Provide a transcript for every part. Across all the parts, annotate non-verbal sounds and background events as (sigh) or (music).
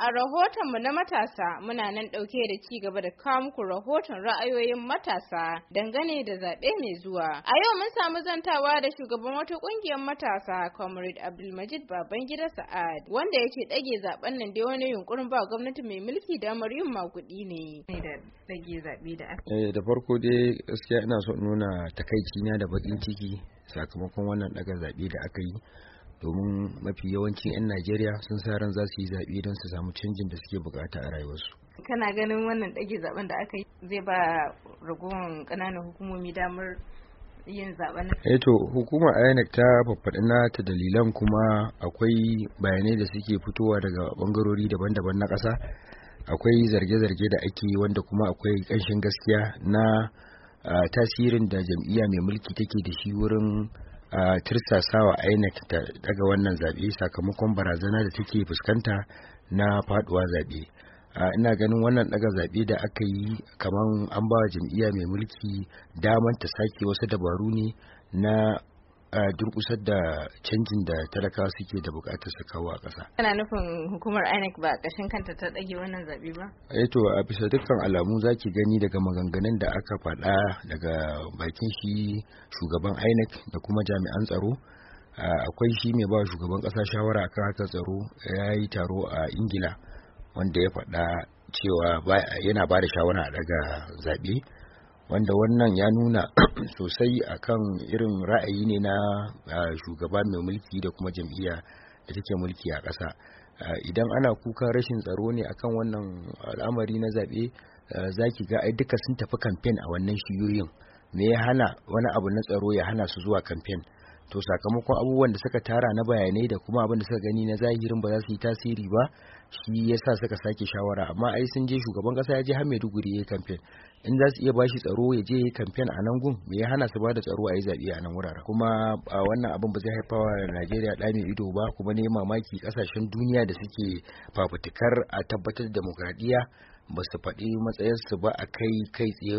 A rahoton mu na matasa muna nan ɗauke da ci gaba da kawo muku rahoton ra'ayoyin matasa dangane da zaɓe mai zuwa. A yau mun samu zantawa da shugaban wata ƙungiyar matasa Comrade Abdulmajid Babangida Sa'ad wanda ya ce ɗage zaɓen nan dai wani yunkurin ba gwamnati mai mulki damar yin maguɗi ne. Eh, da farko dai gaskiya ina so nuna takaici na da baƙin ciki sakamakon wannan ɗaga zaɓe da aka yi. domin mafi yawancin 'yan najeriya sun sa ran za su yi zaɓe don su samu canjin da suke bukata a rayuwarsu kana ganin wannan ɗage zaben da aka yi zai ba ragowar ƙananan hukumomi damar yin zaben eh to hukumar INEC ta faffaɗi na ta dalilan kuma akwai bayanai da suke fitowa daga bangarori daban-daban na ƙasa akwai zarge-zarge da ake yi wanda kuma akwai ƙanshin gaskiya na ah, tasirin da jam'iyya mai mulki take da shi wurin a tirsasawa INEC ta daga wannan zaɓe sakamakon barazana da take fuskanta na faduwa zaɓe ina ganin wannan daga zaɓe da aka yi kamar an ba jam'iyya mai mulki daman ta sake wasu dabaru ne na a durkusar da canjin da talaka suke da bukatar su kawo a ƙasa. Kana nufin hukumar INEC ba kashin kanta ta ɗage wannan zaɓe ba? Eh to a bisa dukkan alamu zaki gani daga maganganun da aka faɗa daga bakin shi shugaban INEC da kuma jami'an tsaro akwai shi mai ba shugaban ƙasa shawara akan haka tsaro ya yi taro a Ingila wanda ya faɗa cewa yana ba da shawara daga zaɓe. wanda wannan ya nuna (clears throat) sosai akan irin ra'ayi ne na shugaba mai mulki da kuma jam'iyya da take mulki a ƙasa idan ana kuka rashin tsaro ne akan wannan al'amari na zaɓe za ki ga ai duka sun tafi kamfen a wannan shiyoyin me ya hana wani abu na tsaro ya hana su zuwa kamfen to sakamakon abubuwan da suka tara na bayanai da kuma abin da suka gani na zahirin ba za su yi tasiri ba shi yasa suka sake shawara amma ai sun je shugaban kasa ya je har Maiduguri ya yi kamfen in za su iya bashi tsaro ya je kamfen a nan gun me ya hana su ba da tsaro a yi zaɓe a nan wurare kuma a wannan abin ba zai haifa wa Najeriya ɗa mai ido ba kuma ne mamaki ƙasashen duniya da suke fafutukar a tabbatar da demokradiyya ba su faɗi matsayarsu ba a kai kai tsaye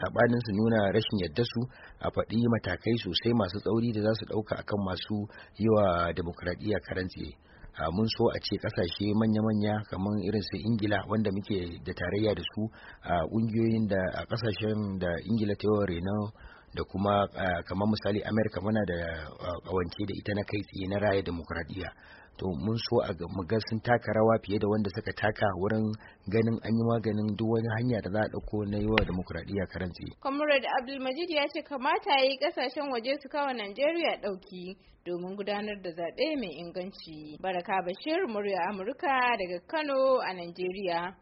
saɓanin su nuna rashin yadda su a faɗi matakai sosai masu tsauri da za su ɗauka akan masu yi wa demokradiyya karan tsaye. mun so a ce kasashe manya-manya kamar irin su ingila wanda muke da tarayya da su a ƙungiyoyin da a kasashen da ingila ta yawan rena da kuma kamar misali amerika muna da kawance da ita na kai tsaye na raya demokradiyya to mun so a ga sun taka rawa fiye da wanda suka taka wurin ganin an yi maganin duk wani hanya da za a ɗauko na yi wa demokuraɗiyya karanci. comrade abdulmajid ya ce kamata ya yi kasashen waje su kawo najeriya ɗauki domin gudanar da zaɓe mai inganci baraka bashir murya amurka daga kano a najeriya